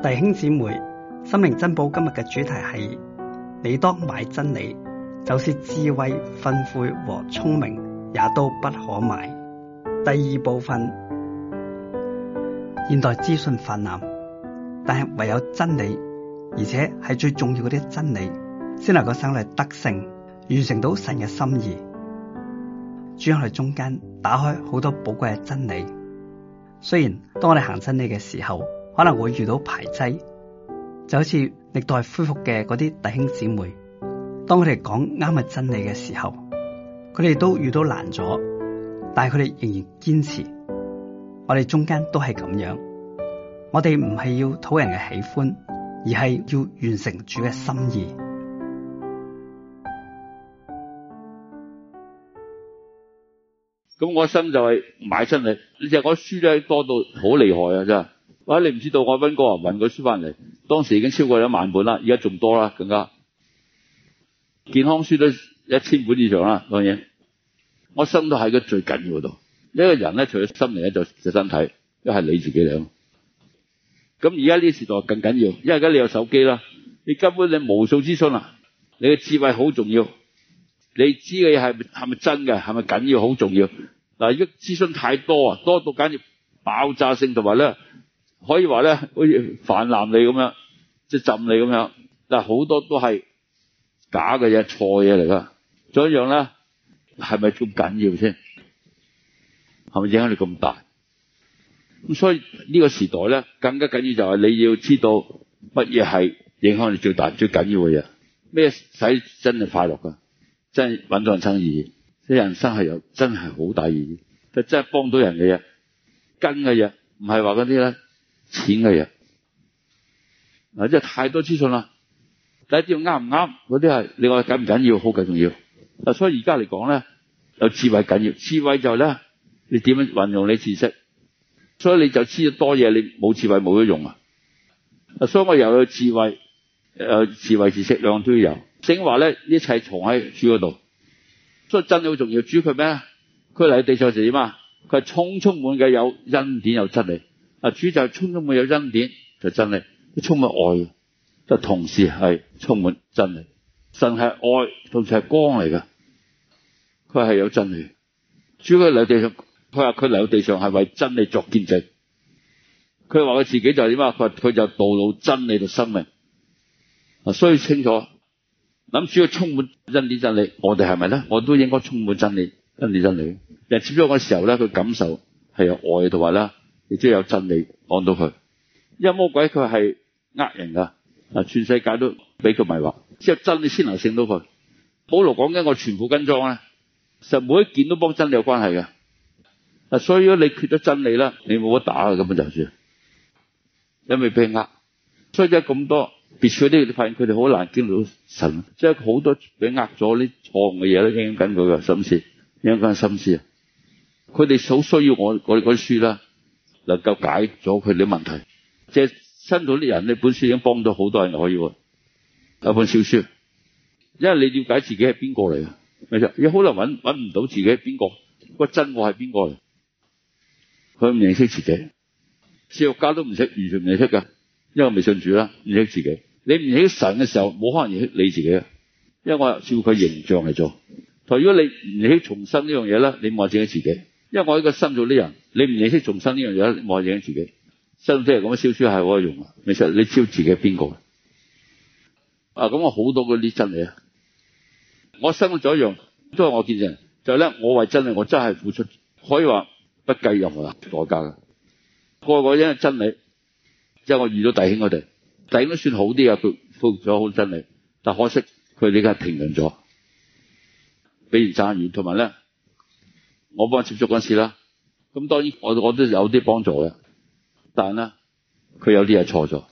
弟兄姊妹，生命珍寶今日嘅主題係：你當買真理，就是智慧、訓誨和聰明也都不可賣。第二部分，現代資訊氾濫，但係唯有真理，而且係最重要嗰啲真理，先能夠生出得勝，完成到神嘅心意。轉去中間，打開好多寶貴嘅真理。雖然當我哋行真理嘅時候，可能會遇到排擠，就好似歷代恢復嘅嗰啲弟兄姊妹，當佢哋講啱嘅真理嘅時候，佢哋都遇到難咗，但係佢哋仍然堅持。我哋中間都係咁樣，我哋唔係要討人嘅喜歡，而係要完成主嘅心意。咁我心就係買真理，你成日講書都多到好厲害啊，真係。我、啊、你唔知道，我溫哥華啊揾個書翻嚟，當時已經超過咗一萬本啦，而家仲多啦，更加健康書都一千本以上啦。當然，我心都喺佢最緊要嗰度。呢個人咧，除咗心靈咧，就就身體，一係你自己嚟。咁而家呢時代更緊要，因為而家你有手機啦，你根本你無數資訊啊，你嘅智慧好重要，你知嘅嘢係係咪真嘅，係咪緊要，好重要。嗱，但如果資訊太多啊，多到簡直爆炸性，同埋咧。可以話咧，好似泛濫你咁樣，即係浸你咁樣，但係好多都係假嘅嘢，錯嘢嚟噶。仲一樣咧，係咪咁緊要先？係咪影響力咁大？咁所以呢、這個時代咧，更加緊要就係你要知道乜嘢係影響你最大、最緊要嘅嘢。咩使真係快樂噶？真係搵到人生意義，即人生係有真係好大意義，即真係幫到人嘅嘢，跟嘅嘢，唔係話嗰啲咧。錢嘅嘢嗱，即係太多資訊啦。第一點啱唔啱？嗰啲係你話緊唔緊要？好緊重要。啊，所以而家嚟講咧，有智慧緊要。智慧就係咧，你點樣運用你知識？所以你就知道多嘢，你冇智慧冇得用啊。啊，所以我又有智慧，誒，智慧知識兩都要有。正話咧，一切藏喺主嗰度。所以真好重要，主佢咩？佢嚟地上時點啊？佢係充充滿嘅有恩典有真理。啊！主就係充滿有恩典就是真理，都充滿愛嘅，就同時係充滿真理。神係愛，同時係光嚟噶。佢係有真理。主佢嚟地上，佢話佢嚟到地上係為真理作見證。佢話佢自己就係點啊？佢佢就道路真理嘅生命。啊，所以清楚諗，主要充滿恩典真理，我哋係咪咧？我都應該充滿真理，恩典真理。人接觸嗰時候咧，佢感受係有愛同埋啦。亦即係有真理按到佢，因為魔鬼佢係呃人噶，啊，全世界都俾佢迷惑，只有真理先能勝到佢。保羅講緊我全副軍裝咧，實每一件都幫真理有關係嘅。啊，所以如果你缺咗真理啦，你冇得打嘅根本就算，因為被呃。所以而家咁多別墅啲，你發現佢哋好難經到神，即係好多俾呃咗啲錯誤嘅嘢都驚緊佢嘅心思，有關心思啊。佢哋好需要我我嗰啲書啦。能夠解咗佢啲問題，即係新到啲人你本書已經幫到好多人可以。有本小說，因為你了解自己係邊個嚟啊？咪有好多人揾唔到自己邊個，個真我係邊個嚟？佢唔認識自己，釋家都唔識完全唔認識噶，因為未信主啦，唔識自己。你唔認識神嘅時候，冇可能認識你自己，因為我係照佢形象嚟做。同如果你唔認識重生呢樣嘢咧，你望正起自己。因為我喺個心做啲人，你唔認識重生呢樣嘢，我認自己。心非係咁燒書係可以用嘅，其實你燒自己邊個？啊，咁我好多嗰啲真理啊！我生到咗用，都係我見證。就係咧，我為真理，我真係付出，可以話不計任何代價嘅。個個因為真理，即係我遇到弟兄我哋，弟兄都算好啲嘅，佢付掌握好真理，但可惜佢哋而家停頓咗。俾人讚完，同埋咧。我幫佢接觸嗰陣時啦，咁當然我我都有啲幫助嘅，但咧佢有啲係錯咗，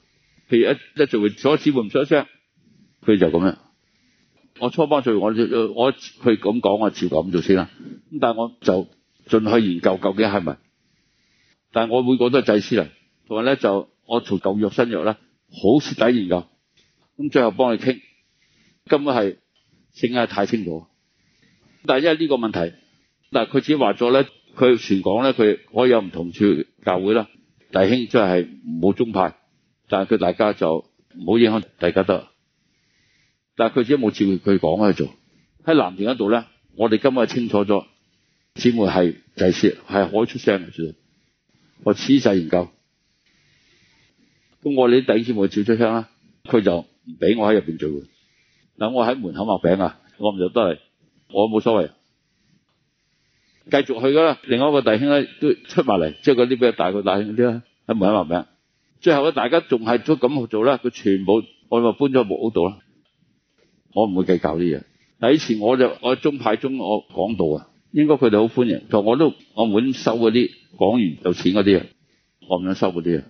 譬如一一做會，所一次，會唔出一聲，佢就咁樣。我初幫佢，我我佢咁講，我照咁做先啦。咁但係我就進去研究究竟係咪？但係我每個都係祭司嚟，同埋咧就我做舊約新約呢，好徹底研究。咁最後幫你傾，根本係正解係太清楚。但係因為呢個問題。嗱，佢只係話咗咧，佢全港咧，佢可以有唔同處教會啦，弟兄即係冇宗派，但係佢大家就唔好影響大家得。但係佢只冇照佢講去做。喺南田嗰度咧，我哋今日清楚咗，姊妹係就係說係可以出聲嘅。我仔細研究，咁我哋啲弟兄姊妹照出聲啦，佢就唔俾我喺入邊聚會。嗱，我喺門口擘餅啊，我唔入得嚟，我冇所謂。繼續去㗎啦！另外一個弟兄咧都出埋嚟，即係嗰啲比較大個弟兄嗰啲啦，喺門口埋咩？最後咧，大家仲係都咁去做啦，佢全部我咪搬咗木屋度啦。我唔會計較啲嘢。但以前我就我中派中我講道啊，應該佢哋好歡迎。但我都我唔會收嗰啲講完就錢嗰啲啊，我唔想收嗰啲啊。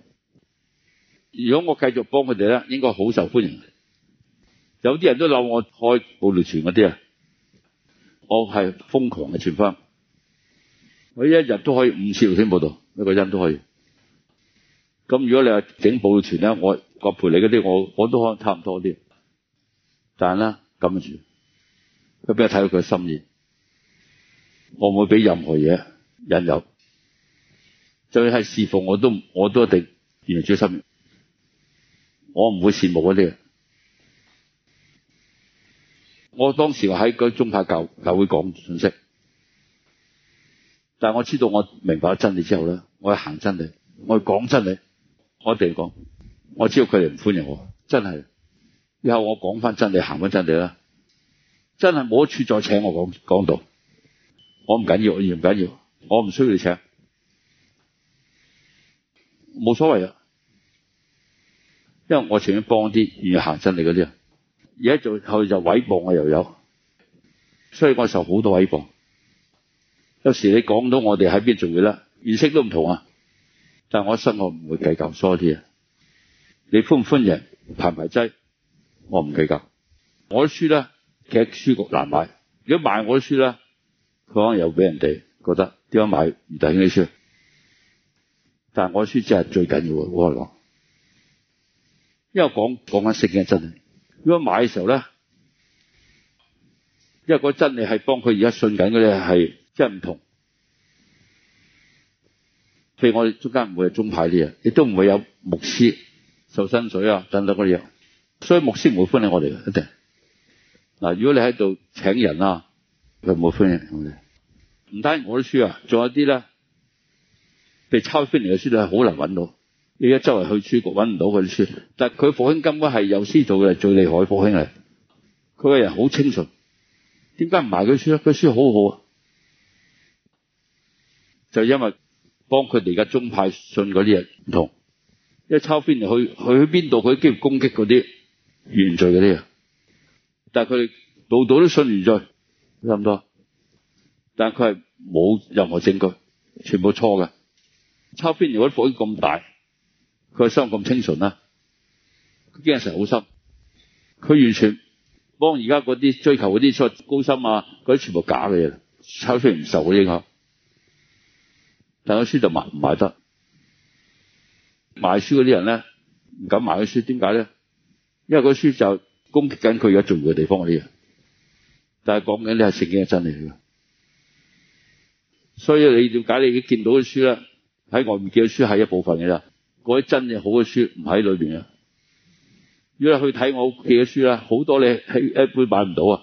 如果我繼續幫佢哋咧，應該好受歡迎。有啲人都鬧我開暴利傳嗰啲啊，我係瘋狂嘅傳翻。傳我一日都可以五次六天報道，一個人都可以。咁如果你話整抱團咧，我我賠你嗰啲，我我,我都可能差唔多啲。但係咧咁樣住，佢俾你睇到佢嘅心意？我唔會俾任何嘢引誘。算係、就是、侍奉，我都我都一定完全心。我唔會羨慕嗰啲嘅。我當時喺個中派教教會講信息。但係我知道我明白真理之後咧，我去行真理，我去講真理，我哋講，我知道佢哋唔歡迎我，真係。以後我講翻真理，行翻真理啦，真係冇一處再請我講講道，我唔緊要，我唔緊要，我唔需要你請，冇所謂啊。因為我情願幫啲願意行真理嗰啲啊，而家做佢就毀謗我又有，所以我受好多毀謗。有時你講到我哋喺邊做會啦，認識都唔同啊！但係我一生我唔會計較 sorry 啊！你歡唔歡迎排排擠，我唔計較。我啲書咧，其實書局難買。如果買我啲書咧，可能又俾人哋覺得點樣買唔抵嘅書。但係我啲書真係最緊要的，我嚟講，因為講講緊聖經嘅真理。如果買嘅時候咧，因為嗰個真理係幫佢而家信緊嘅係。即係唔同，譬如我哋中間唔會有宗派啲嘢，亦都唔會有牧師受薪水啊等等嗰啲嘢，所以牧師唔會歡迎我哋一定。嗱，如果你喺度請人啊，佢唔會歡迎我哋。唔單我啲書啊，仲有啲咧被抄翻嚟嘅書都係好難揾到。你一周圍去書局揾唔到佢啲書。但佢火興根本係有師做嘅，最厲害嘅火興嚟。佢個人好清純，點解唔賣佢書？佢書好好啊。就因為幫佢哋而家宗派信嗰啲人唔同，因為抄邊嚟去去邊度？佢都幾攻擊嗰啲原罪嗰啲啊！但係佢哋度度都信原罪差唔多，但係佢係冇任何證據，全部錯嘅。抄邊如果火影咁大，佢心咁清純啦，佢經常好心，佢完全幫而家嗰啲追求嗰啲出高深啊，嗰啲全部假嘅嘢，抄邊唔受啲影響。但個書就賣唔賣得？賣書嗰啲人咧唔敢賣個書，點解咧？因為個書就攻擊緊佢而家重要嘅地方嚟嘅。但係講緊你係聖經嘅真理嚟嘅，所以你了解你已經見到嘅書呢？喺外面見嘅書係一部分嘅啦。嗰啲真正好嘅書唔喺裏邊嘅。如果去睇我屋企嘅書咧，好多你喺一般買唔到啊。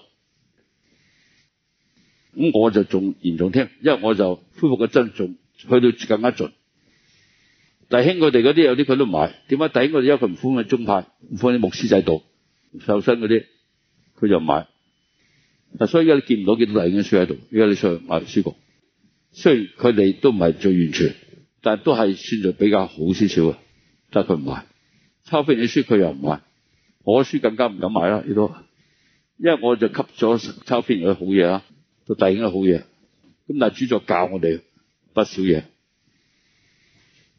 咁我就仲嚴重聽，因為我就恢復嘅真重。去到更加盡，弟兄佢哋嗰啲有啲佢都唔買。點解？弟兄佢哋因為佢唔放喺宗派，唔放喺牧師制度受薪嗰啲，佢就唔買。但所以而家你見唔到幾多弟兄嘅書喺度，而家你出去買書局，雖然佢哋都唔係最完全，但都係算作比較好少少，但係佢唔買，抄編嘅書佢又唔買，我書更加唔敢買啦。呢度，因為我就吸咗抄編嘅好嘢啦，到弟兄嘅好嘢。咁但係主作教我哋。不少嘢，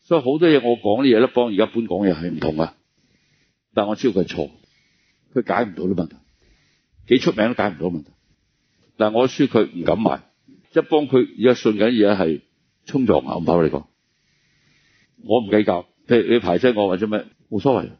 所以好多嘢我講啲嘢咧，幫而家本講嘢係唔同噶，但係我知道佢錯，佢解唔到啲問題，幾出名都解唔到問題，但係我輸佢唔敢賣一幫佢而家信緊嘢係沖撞，唔怕你講，我唔計較，譬如你排斥我或者咩？冇所謂。